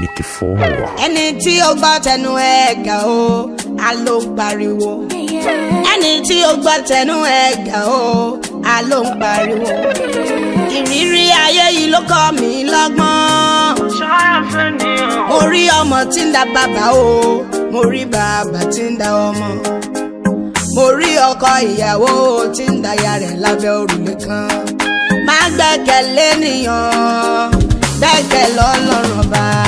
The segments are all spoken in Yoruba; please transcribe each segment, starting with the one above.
Mickey four. ẹni tí ó gbọ́ tẹnu ẹ̀ gà ó a ló ń pariwo. ẹni tí ó gbọ́ tẹnu ẹ̀ gà ó a ló ń pariwo. ìrírí ayé yìí ló kọ́ mi lọ́gbọ́n. mo rí ọmọ tí ń da bàbá o mo rí bàbá tí ń da ọmọ. mo rí ọkọ ìyàwó tí ń da ya rẹ̀ lábẹ́ òrùlé kan. má gbẹ́kẹ̀lé nìyàn gbẹ́kẹ̀ lọ́lọ́run bá.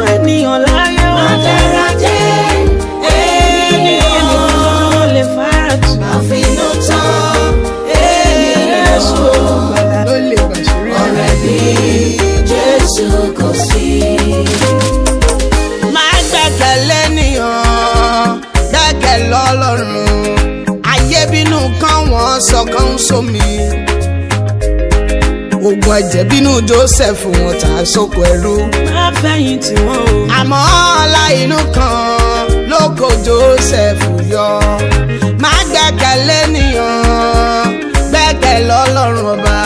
ṣoṣo ènìyàn láyé o. àjàràjẹ́ ènìyàn ẹni kan ṣoṣo ló lè fara tù. àfinú tán ènìyàn ṣo ló lè gbàṣírí. ọ̀rẹ́ bí Jésù kò sí. má gbẹ́kẹ̀ lẹ́nìyàn gbẹ́kẹ̀ lọ́lọ́run ayé bínú kan wọ́n sọ kan ń sómi oògùn ẹ̀jẹ̀ bínú Joseph wọn tà sóko ẹrú fẹ̀yìntì wọn o. àmọ́ ọlá inú kan ló kó Joseph yọ má gbẹ́kẹ̀lé nìyàn gbẹ́kẹ̀ lọ́lọ́run ọba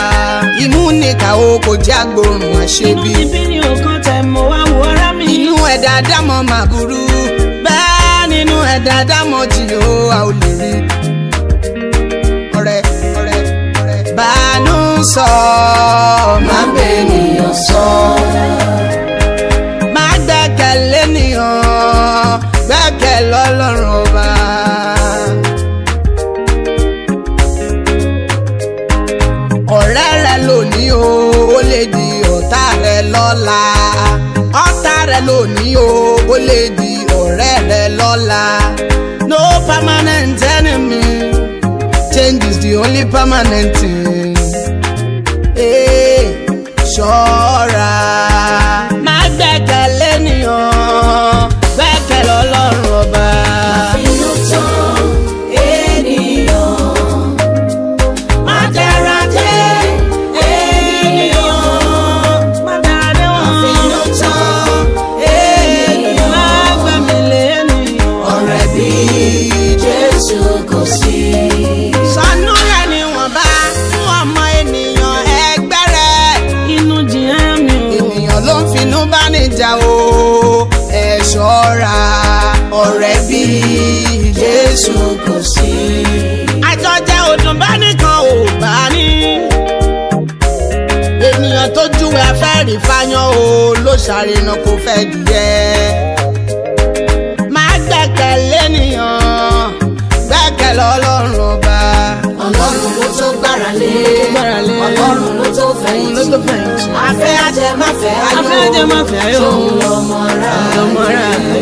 ìmúnika o kò já gbòòrùn àṣebí. inú ibi ni òkan tẹ̀ mọ́ wá wo ara mi. inú ẹ̀dá dámọ̀ mà burú bẹ́ẹ̀ nínú ẹ̀dá dámọ̀ jì ó a ò lè rí. ọ̀rẹ́ ọ̀rẹ́ ọ̀rẹ́ bánú sọ. má bẹ́ẹ̀ nìyàn sọ. gbẹ́kẹ̀ lọ́lọ́run ọba. ọ̀rẹ́ rẹ lónìí o ó lè di ọ̀tá rẹ lọ́la ọ̀tá rẹ lónìí o ó lè di ọ̀rẹ́ rẹ lọ́la no permanent enemy change is the only permanent thing. jésù kò sí. àjọjẹ òdùn bá nìkan ò bá ní. ènìyàn tó júwe afẹ́rí fáyán o ló ṣàrìnà kò fẹ́ jùyẹ. má gbẹ́kẹ̀lé ènìyàn gbẹ́kẹ̀lé ọlọ́run ọba. ọlọ́run ló tó gbára lé ọlọ́run ló tó fẹ̀yìntì. afẹ́ ajẹmáfẹ́ ayọ̀ afẹ́ ajẹmáfẹ́ ayọ̀ tó ń lọ mọ́ra rẹ̀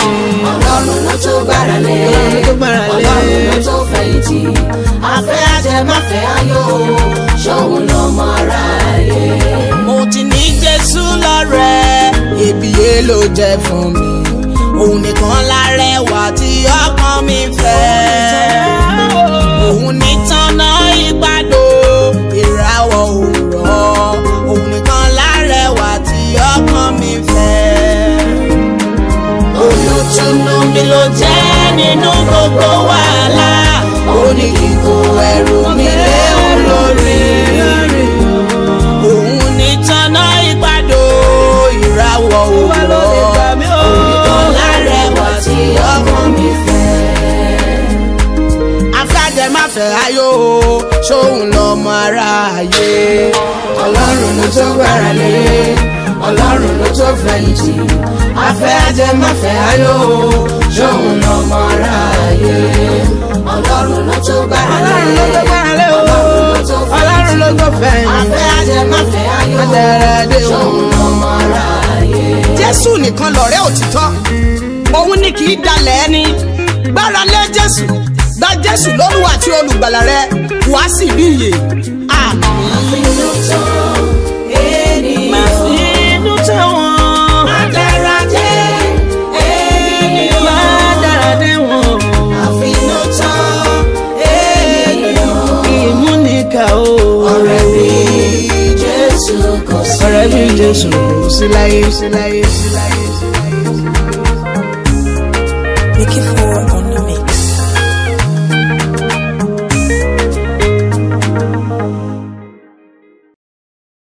ọlọ́run ló tó gbára lé ẹ má fẹ́ ayọ̀ o ṣòun lọ́mọ aráyé. mo ti ní jésù lọ́rẹ́ ìbíye ló jẹ́ fún mi òun nìkan lárẹwà tí ọkàn mi fẹ́ òun nìtànà ìgbàdo ìràwọ̀ òwúrọ̀ òun nìkan lárẹwà tí ọkàn mi fẹ́. olùtùnú mi ló jẹ́ nínú gbogbo wàhálà ní kí n kó ẹrù mi lé òun lórí. òun ní tanná ìpàdó ìràwọ̀ òwúrọ̀ ọ̀la rẹwà tí ọkàn mi fẹ́. afẹ́jẹ́ má fẹ́ ayọ̀ o ṣóun lọ́mọ aráyé. ọlọ́run ló tó gbára lé ọlọ́run ló tó fẹ̀yìntì afẹ́ ajẹ́ má fẹ́ ayọ̀ o ṣóun lọ́mọ aráyé ọlọ́run ló tó gbára lé ọlọ́run ló tó fẹ́ ọlọ́run ló tó fẹ́ afẹ́ ajẹmáfẹ́ ayọ̀ ṣòun lọ́mọ ara yẹ. jésù nìkan lọ̀rẹ́ òtítọ́ òun ni kì í dalẹ̀ ẹni gbára lé jésù gba jésù lórí wa àti olùgbàlà rẹ wàá sì bí iye. Jésù kò sí láyé sí láyé sí láyé sí láyé